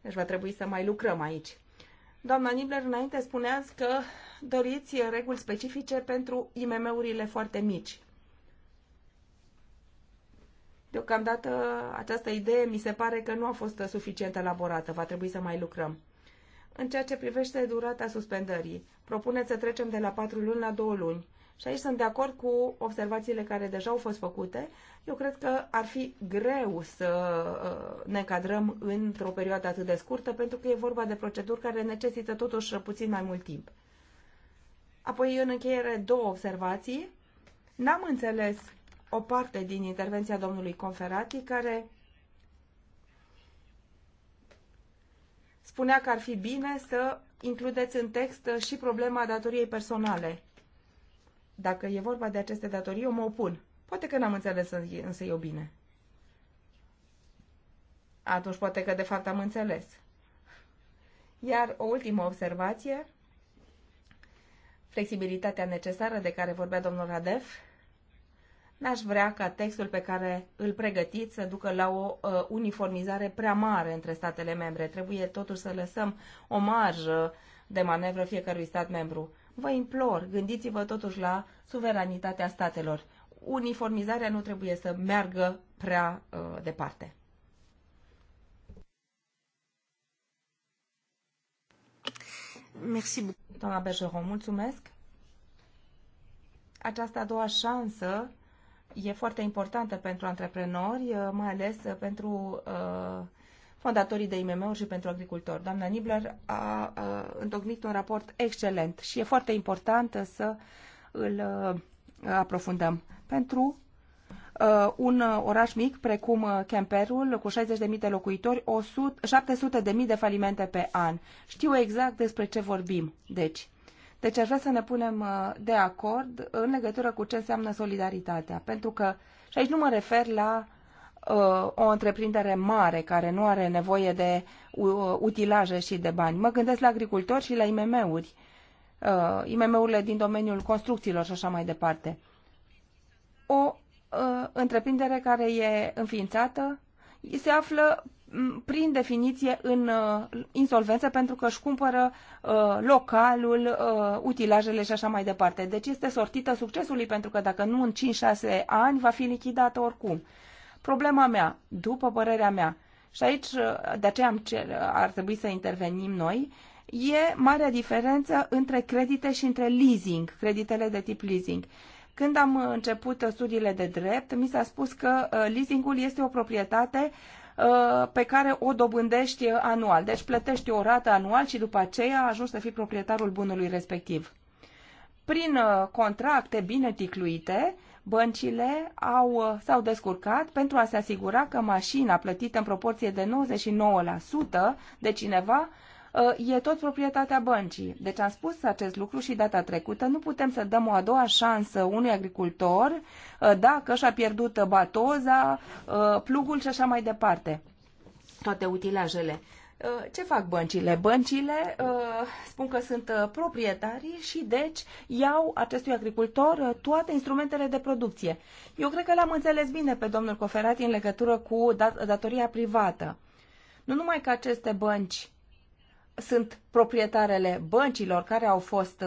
[SPEAKER 1] Deci va trebui să mai lucrăm aici. Doamna Nibler, înainte spuneați că doriți reguli specifice pentru IMM-urile foarte mici. Deocamdată această idee mi se pare că nu a fost suficient elaborată, va trebui să mai lucrăm. În ceea ce privește durata suspendării, propuneți să trecem de la 4 luni la 2 luni. Și aici sunt de acord cu observațiile care deja au fost făcute. Eu cred că ar fi greu să uh, ne cadrăm într-o perioadă atât de scurtă, pentru că e vorba de proceduri care necesită totuși puțin mai mult timp. Apoi, în încheiere, două observații. N-am înțeles o parte din intervenția domnului Conferati, care spunea că ar fi bine să includeți în text și problema datoriei personale dacă e vorba de aceste datorii, eu mă opun. Poate că n-am înțeles însă eu bine. Atunci poate că de fapt am înțeles. Iar o ultimă observație, flexibilitatea necesară de care vorbea domnul Radef, n-aș vrea ca textul pe care îl pregătiți să ducă la o uh, uniformizare prea mare între statele membre. Trebuie totuși să lăsăm o marjă de manevră fiecărui stat membru. Vă implor, gândiți-vă totuși la suveranitatea statelor. Uniformizarea nu trebuie să meargă prea uh, departe. Merci. Doamna Bergeron, mulțumesc. Această a doua șansă e foarte importantă pentru antreprenori, uh, mai ales pentru uh, fondatorii de IMM-uri și pentru agricultori. Doamna Nibler a, a întocmit un raport excelent și e foarte important să îl aprofundăm pentru un oraș mic precum Kemperul, cu 60.000 de locuitori, 700.000 de falimente pe an. Știu exact despre ce vorbim. Deci, deci aș vrea să ne punem de acord în legătură cu ce înseamnă solidaritatea. Pentru că, și aici nu mă refer la Uh, o întreprindere mare care nu are nevoie de uh, utilaje și de bani. Mă gândesc la agricultori și la IMM-uri, uh, IMM-urile din domeniul construcțiilor și așa mai departe. O întreprindere care e înființată se află prin definiție în insolvență pentru că își cumpără localul, utilajele și așa mai departe. Deci este sortită succesului pentru că dacă nu în 5-6 ani va fi lichidată oricum. Problema mea, după părerea mea, și aici uh, de aceea am cer, uh, ar trebui să intervenim noi, e marea diferență între credite și între leasing, creditele de tip leasing. Când am uh, început studiile de drept, mi s-a spus că leasingul este o proprietate pe care o dobândești anual. Deci plătești o rată anual și după aceea ajungi să fii proprietarul bunului respectiv. Prin contracte bine ticluite, Băncile au, uh, s-au descurcat pentru a se asigura că mașina plătită în proporție de 99% de cineva uh, e tot proprietatea băncii. Deci am spus acest lucru și data trecută. Nu putem să dăm o a doua șansă unui agricultor uh, dacă și-a pierdut batoza, plugul și așa mai departe. Toate utilajele. Uh, ce fac băncile? Băncile uh, spun că sunt uh, proprietari și deci iau acestui agricultor toate instrumentele de producție. Eu cred că l-am înțeles bine pe domnul Coferat în legătură cu dat datoria privată. Nu numai că aceste bănci sunt proprietarele băncilor care au fost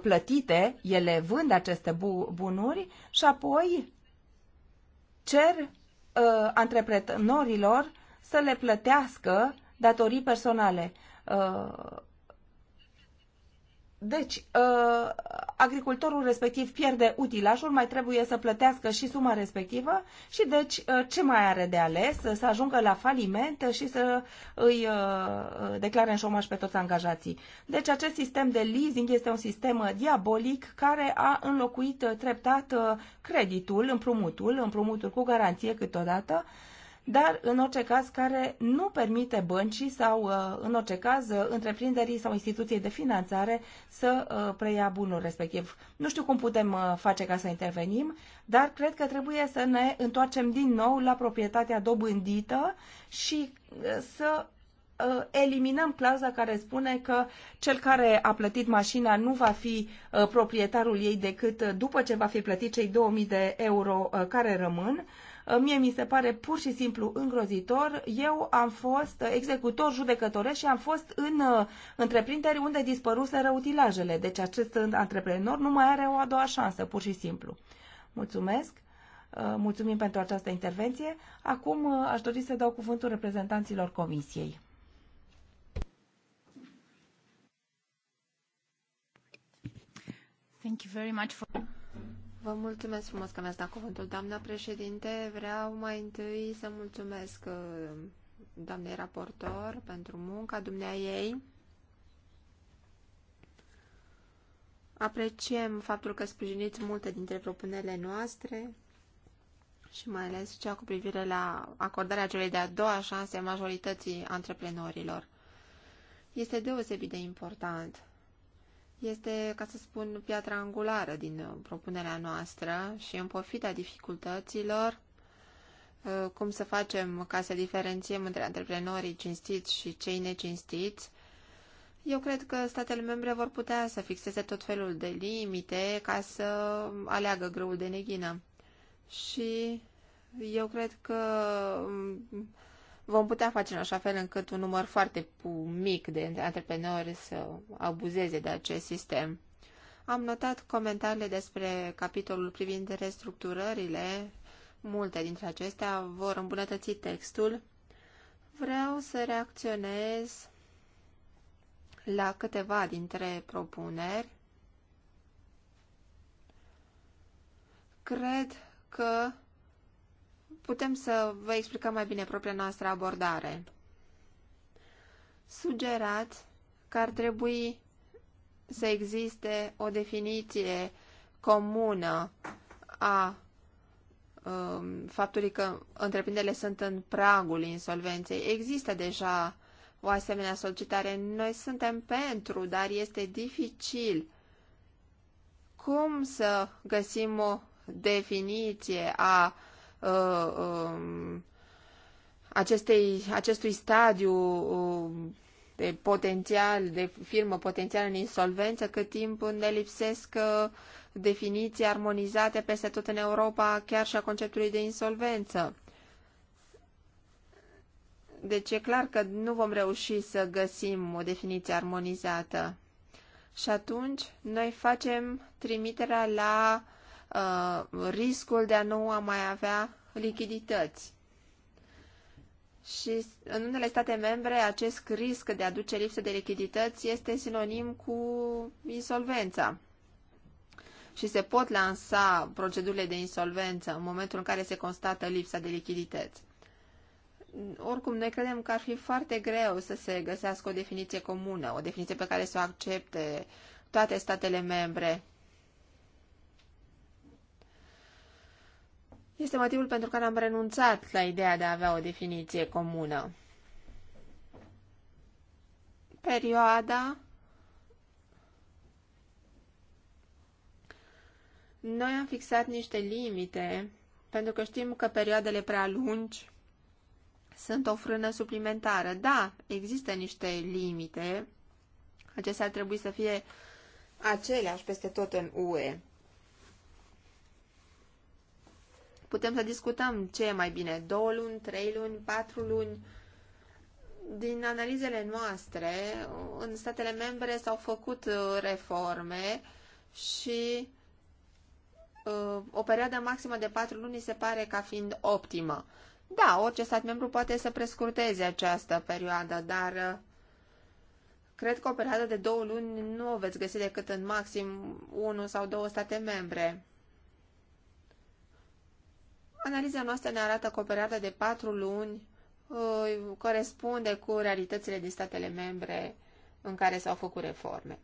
[SPEAKER 1] plătite, ele vând aceste bunuri și apoi cer antreprenorilor să le plătească datorii personale. Uh, deci, uh, agricultorul respectiv pierde utilajul, mai trebuie să plătească și suma respectivă și deci uh, ce mai are de ales? Să ajungă la faliment și să îi declare în șomaj pe toți angajații. Deci acest sistem de leasing este un sistem diabolic care a înlocuit treptat creditul, împrumutul, împrumutul cu garanție câteodată, dar în orice caz care nu permite băncii sau uh, în orice caz uh, întreprinderii sau instituției de finanțare să uh, preia bunul respectiv. Nu știu cum putem face ca să intervenim, dar cred că trebuie să ne întoarcem din nou la proprietatea dobândită și să eliminăm clauza care spune că cel care a plătit mașina nu va fi proprietarul ei decât după ce va fi plătit cei 2000 de euro care rămân Ă, mie mi se pare pur și simplu îngrozitor. Eu am fost executor judecătoresc și am fost în ă, întreprinderi unde dispăruseră utilajele. Deci acest antreprenor nu mai are o a doua șansă, pur și simplu. Mulțumesc! Ă, mulțumim pentru această intervenție. Acum aș dori să dau cuvântul reprezentanților Comisiei.
[SPEAKER 2] Thank you very much for... Vă mulțumesc frumos că mi-ați dat cuvântul, doamna președinte. Vreau mai întâi să mulțumesc uh, doamnei raportor pentru munca dumnea ei. Apreciem faptul că sprijiniți multe dintre propunerile noastre și mai ales cea cu privire la acordarea celei de-a doua șanse majorității antreprenorilor. Este deosebit de important este, ca să spun, piatra angulară din uh, propunerea noastră și în pofita dificultăților, uh, cum să facem ca să diferențiem între antreprenorii cinstiți și cei necinstiți, eu cred că statele membre vor putea să fixeze tot felul de limite ca să aleagă grâul de neghină. Și eu cred că um, vom putea face în așa fel încât un număr foarte mic de antreprenori să abuzeze de acest sistem. Am notat comentariile despre capitolul privind restructurările. Multe dintre acestea vor îmbunătăți textul. Vreau să reacționez la câteva dintre propuneri. Cred că putem să vă explicăm mai bine propria noastră abordare. Sugerat că ar trebui să existe o definiție comună a um, faptului că întreprinderile sunt în pragul insolvenței. Există deja o asemenea solicitare. Noi suntem pentru, dar este dificil. Cum să găsim o definiție a Uh, um, acestei, acestui stadiu uh, de potențial, de firmă potențială în insolvență, cât timp ne lipsesc uh, definiții armonizate peste tot în Europa, chiar și a conceptului de insolvență. Deci e clar că nu vom reuși să găsim o definiție armonizată. Și atunci noi facem trimiterea la uh, Uh, riscul de a nu a mai avea lichidități. Și în unele state membre acest risc de a duce lipsă de lichidități este sinonim cu insolvența. Și se pot lansa procedurile de insolvență în momentul în care se constată lipsa de lichidități. Oricum, noi credem că ar fi foarte greu să se găsească o definiție comună, o definiție pe care să o accepte toate statele membre Este motivul pentru care am renunțat la ideea de a avea o definiție comună. Perioada Noi am fixat niște limite, pentru că știm că perioadele prea lungi sunt o frână suplimentară. Da, există niște limite. Acestea ar trebui să fie aceleași peste tot în UE. putem să discutăm ce e mai bine, două luni, trei luni, patru luni. Din analizele noastre, în statele membre s-au făcut uh, reforme și uh, o perioadă maximă de patru luni se pare ca fiind optimă. Da, orice stat membru poate să prescurteze această perioadă, dar uh, cred că o perioadă de două luni nu o veți găsi decât în maxim unul sau două state membre. Analiza noastră ne arată că o perioadă de patru luni uh, corespunde cu realitățile din statele membre în care s-au făcut reforme.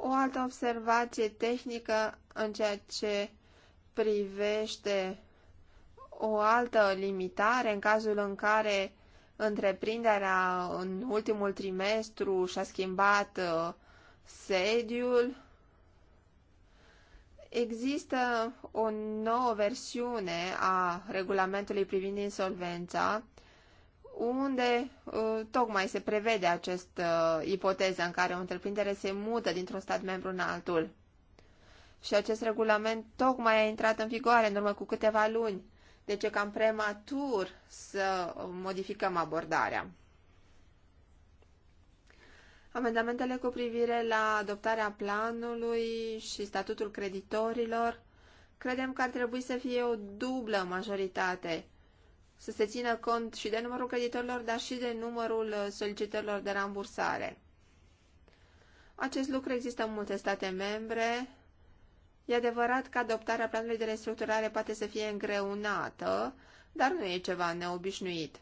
[SPEAKER 2] O altă observație tehnică în ceea ce privește o altă limitare în cazul în care întreprinderea în ultimul trimestru și-a schimbat uh, sediul, Există o nouă versiune a regulamentului privind insolvența, unde uh, tocmai se prevede această uh, ipoteză în care o întreprindere se mută dintr-un stat membru în altul. Și acest regulament tocmai a intrat în vigoare în urmă cu câteva luni, deci e cam prematur să modificăm abordarea. Amendamentele cu privire la adoptarea planului și statutul creditorilor, credem că ar trebui să fie o dublă majoritate, să se țină cont și de numărul creditorilor, dar și de numărul solicitărilor de rambursare. Acest lucru există în multe state membre. E adevărat că adoptarea planului de restructurare poate să fie îngreunată, dar nu e ceva neobișnuit.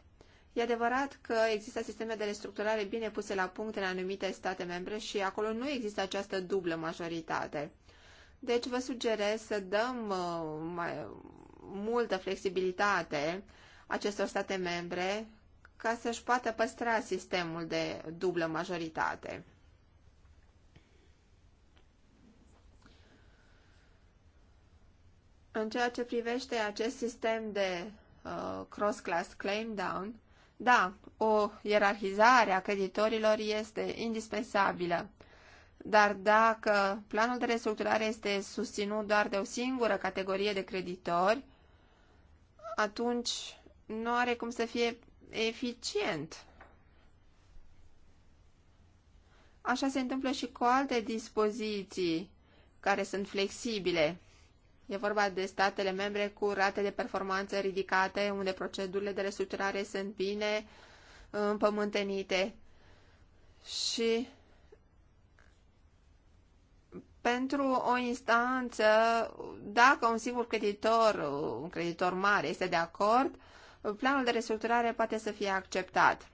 [SPEAKER 2] E adevărat că există sisteme de restructurare bine puse la punct în anumite state membre și acolo nu există această dublă majoritate. Deci vă sugerez să dăm uh, mai multă flexibilitate acestor state membre ca să-și poată păstra sistemul de dublă majoritate. În ceea ce privește acest sistem de uh, cross-class claim down, da, o ierarhizare a creditorilor este indispensabilă. Dar dacă planul de restructurare este susținut doar de o singură categorie de creditori, atunci nu are cum să fie eficient. Așa se întâmplă și cu alte dispoziții care sunt flexibile. E vorba de statele membre cu rate de performanță ridicate, unde procedurile de restructurare sunt bine uh, împământenite. Și pentru o instanță, dacă un singur creditor, uh, un creditor mare, este de acord, uh, planul de restructurare poate să fie acceptat.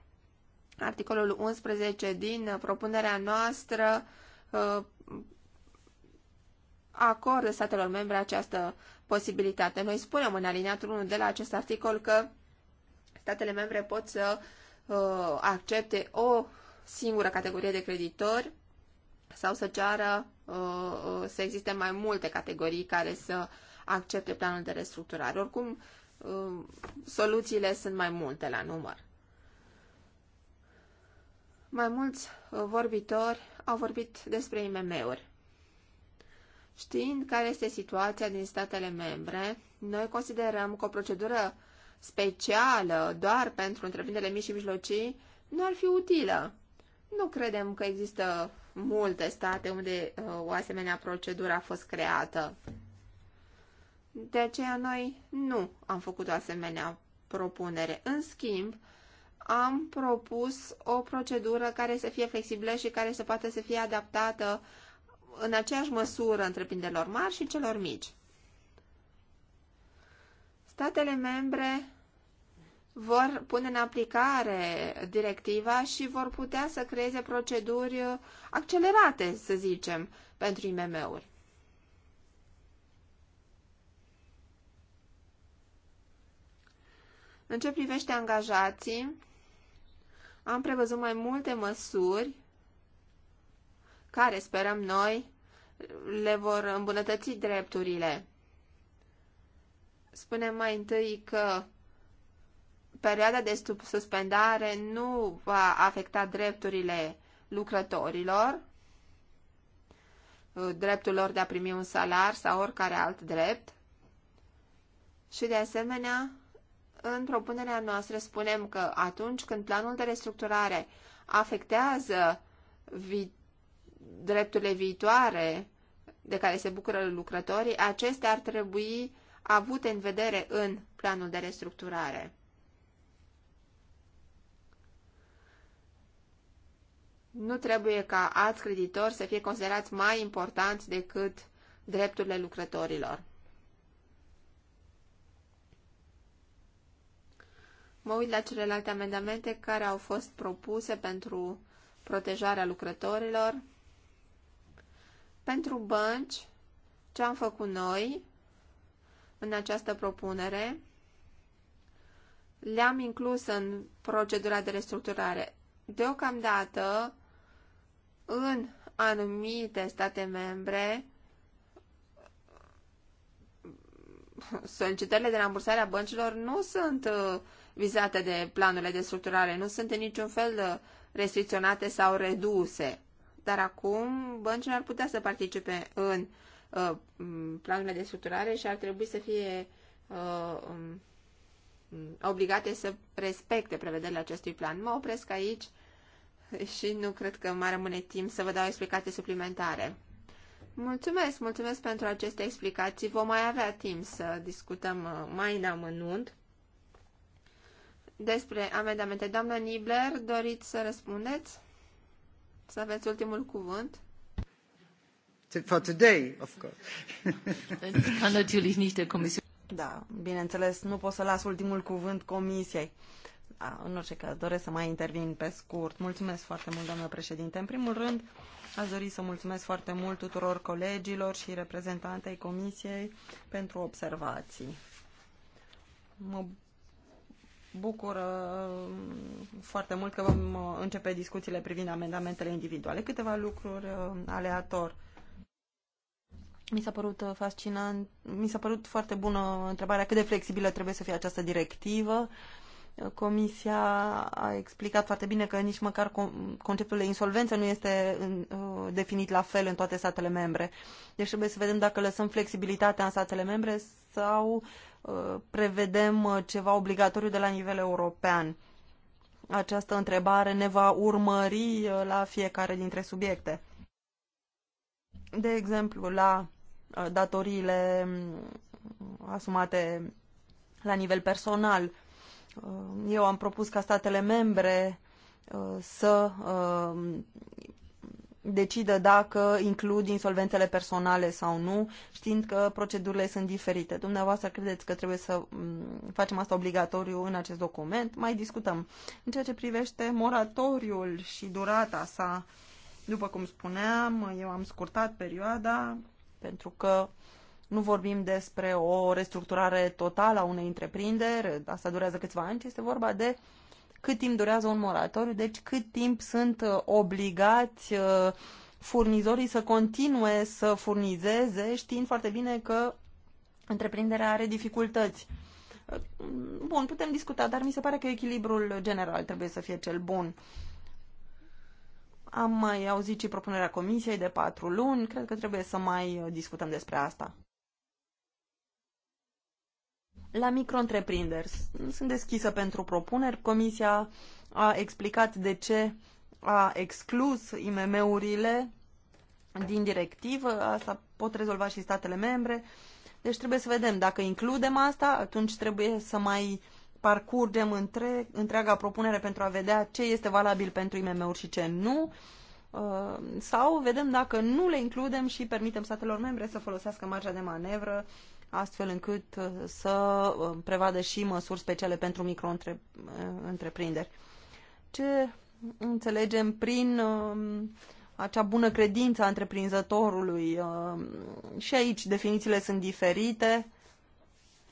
[SPEAKER 2] Articolul 11 din propunerea noastră acordă statelor membre această posibilitate. Noi spunem în aliniatul 1 de la acest articol că statele membre pot să uh, accepte o singură categorie de creditori sau să ceară uh, uh, să existe mai multe categorii care să accepte planul de restructurare. Oricum, uh, soluțiile sunt mai multe la număr. Mai mulți uh, vorbitori au vorbit despre IMM-uri. Știind care este situația din statele membre, noi considerăm că o procedură specială doar pentru întreprinderile mici și mijlocii nu ar fi utilă. Nu credem că există multe state unde uh, o asemenea procedură a fost creată. De aceea noi nu am făcut o asemenea propunere. În schimb, am propus o procedură care să fie flexibilă și care să poată să fie adaptată în aceeași măsură întreprinderilor mari și celor mici. Statele membre vor pune în aplicare directiva și vor putea să creeze proceduri accelerate, să zicem, pentru IMM-uri. În ce privește angajații, am prevăzut mai multe măsuri care sperăm noi le vor îmbunătăți drepturile. Spunem mai întâi că perioada de suspendare nu va afecta drepturile lucrătorilor, dreptul lor de a primi un salar sau oricare alt drept. Și de asemenea, în propunerea noastră spunem că atunci când planul de restructurare afectează vi drepturile viitoare de care se bucură lucrătorii, acestea ar trebui avute în vedere în planul de restructurare. Nu trebuie ca alți creditori să fie considerați mai importanți decât drepturile lucrătorilor. Mă uit la celelalte amendamente care au fost propuse pentru protejarea lucrătorilor. Pentru bănci, ce am făcut noi în această propunere, le-am inclus în procedura de restructurare. Deocamdată, în anumite state membre, solicitările de rambursare a băncilor nu sunt uh, vizate de planurile de structurare, nu sunt în niciun fel uh, restricționate sau reduse. Dar acum băncile ar putea să participe în uh, planurile de structurare și ar trebui să fie uh, um, obligate să respecte prevederile acestui plan. Mă opresc aici și nu cred că mai rămâne timp să vă dau explicații suplimentare. Mulțumesc, mulțumesc pentru aceste explicații. Vom mai avea timp să discutăm uh, mai în amănunt despre amendamente. Doamna Nibler, doriți să răspundeți? să aveți ultimul cuvânt.
[SPEAKER 3] For today, of course. da, bineînțeles, nu pot să las ultimul cuvânt comisiei. Da, în orice caz, doresc să mai intervin pe scurt. Mulțumesc foarte mult, doamnă președinte. În primul rând, aș dori să mulțumesc foarte mult tuturor colegilor și reprezentantei comisiei pentru observații. Mă bucură uh, foarte mult că vom uh, începe discuțiile privind amendamentele individuale. Câteva lucruri uh, aleator. Mi s-a părut fascinant, mi s-a părut foarte bună întrebarea cât de flexibilă trebuie să fie această directivă. Comisia a explicat foarte bine că nici măcar conceptul de insolvență nu este definit la fel în toate statele membre. Deci trebuie să vedem dacă lăsăm flexibilitatea în statele membre sau prevedem uh, ceva obligatoriu de la nivel european. Această întrebare ne va urmări uh, la fiecare dintre subiecte. De exemplu, la uh, datoriile mm, asumate la nivel personal. Eu am propus ca statele membre să decidă dacă includ insolvențele personale sau nu, știind că procedurile sunt diferite. Dumneavoastră credeți că trebuie să mm, facem asta obligatoriu în acest document? Mai discutăm. În ceea ce privește moratoriul și durata sa, după cum spuneam, eu am scurtat perioada pentru că nu vorbim despre o restructurare totală a unei întreprinderi, asta durează câțiva ani, ci este vorba de uh, cât timp durează un moratoriu, deci cât timp sunt uh, obligați uh, furnizorii să continue să furnizeze, știind foarte bine că întreprinderea are dificultăți. Uh, bun, putem discuta, dar mi se pare că echilibrul general trebuie să fie cel bun. Am mai auzit și propunerea comisiei de patru luni, cred că trebuie să mai discutăm despre asta. La micro-întreprinderi, sunt deschisă pentru propuneri. Comisia a explicat de ce a exclus IMM-urile din directivă. Asta pot rezolva și statele membre. Deci trebuie să vedem. Dacă includem asta, atunci trebuie să mai parcurgem între, întreaga propunere pentru a vedea ce este valabil pentru IMM-uri și ce nu sau vedem dacă nu le includem și permitem statelor membre să folosească marja de manevră astfel încât uh, să uh, prevadă și măsuri speciale pentru micro-întreprinderi. Uh, Ce înțelegem prin um, acea bună credință a întreprinzătorului? Um, și aici definițiile sunt diferite.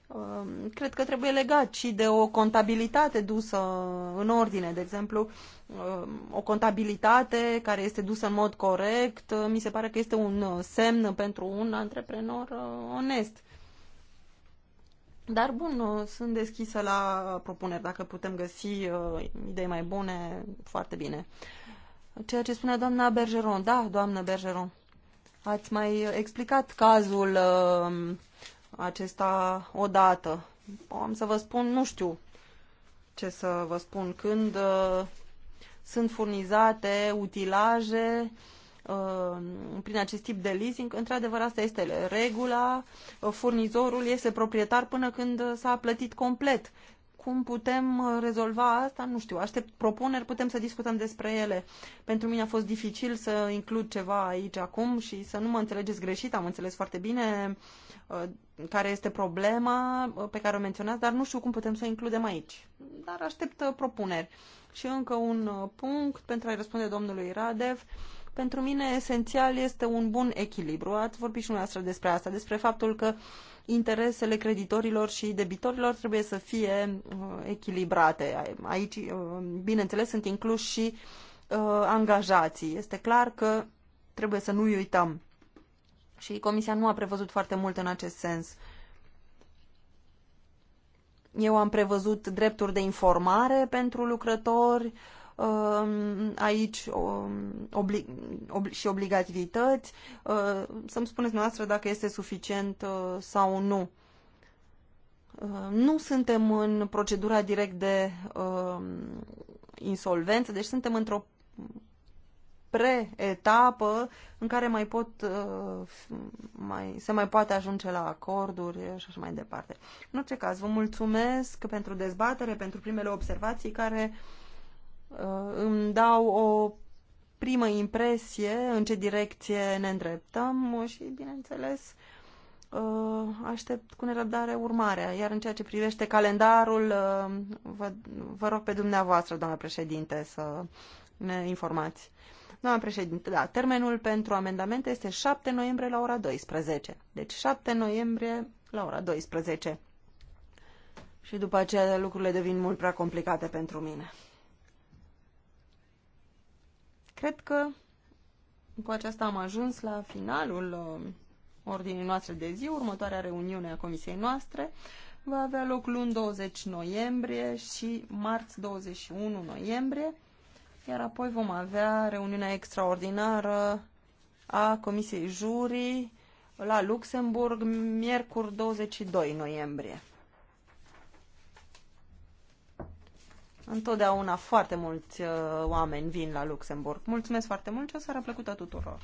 [SPEAKER 3] Um, cred că trebuie legat și de o contabilitate dusă în ordine, de exemplu, o contabilitate care este dusă în mod corect, mi se pare că este un semn pentru un antreprenor onest. Dar, bun, uh, sunt deschisă la propuneri. Dacă putem găsi uh, idei mai bune, foarte bine. Ceea ce spune doamna Bergeron. Da, doamnă Bergeron. Ați mai explicat cazul uh, acesta odată. Am să vă spun, nu știu ce să vă spun, când uh, sunt furnizate utilaje uh, Uh, prin acest tip de leasing, într-adevăr asta este regula, uh, furnizorul este proprietar până când s-a plătit complet. Cum putem rezolva asta? Nu știu, aștept propuneri, putem să discutăm despre ele. Pentru mine a fost dificil să includ ceva aici acum și să nu mă înțelegeți greșit, am înțeles foarte bine uh, care este problema pe care o menționați, dar nu știu cum putem să o includem aici. Dar aștept propuneri. Și încă un punct pentru a-i răspunde domnului Radev. Pentru mine esențial este un bun echilibru. Ați vorbit și dumneavoastră despre asta, despre faptul că interesele creditorilor și debitorilor trebuie să fie uh, echilibrate. Aici, uh, bineînțeles, sunt incluși și uh, angajații. Este clar că trebuie să nu-i uităm. Și Comisia nu a prevăzut foarte mult în acest sens. Eu am prevăzut drepturi de informare pentru lucrători, uh, Um, aici um, obli ob și obligativități. Uh, să-mi spuneți noastră dacă este suficient uh, sau nu. Uh, nu suntem în procedura direct de um, insolvență, deci suntem într-o pre-etapă în care mai pot, mai, se mai poate ajunge la acorduri și așa mai departe. În orice caz, vă mulțumesc pentru dezbatere, pentru primele observații care uh, Uh, îmi dau o primă impresie în ce direcție ne îndreptăm și, bineînțeles, uh, aștept cu nerăbdare urmarea. Iar în ceea ce privește calendarul, uh, vă, vă rog pe dumneavoastră, doamna președinte, să ne informați. Doamna președinte, da, termenul pentru amendamente este 7 noiembrie la ora 12. Deci 7 noiembrie la ora 12. Și după aceea lucrurile devin mult prea complicate pentru mine. Cred că cu aceasta am ajuns la finalul uh, ordinii noastre de zi. Următoarea reuniune a comisiei noastre va avea loc luni 20 noiembrie și marți 21 noiembrie, iar apoi vom avea reuniunea extraordinară a comisiei jurii la Luxemburg, miercuri 22 noiembrie. Întotdeauna foarte mulți uh, oameni vin la Luxemburg. Mulțumesc foarte mult și o seară plăcută tuturor!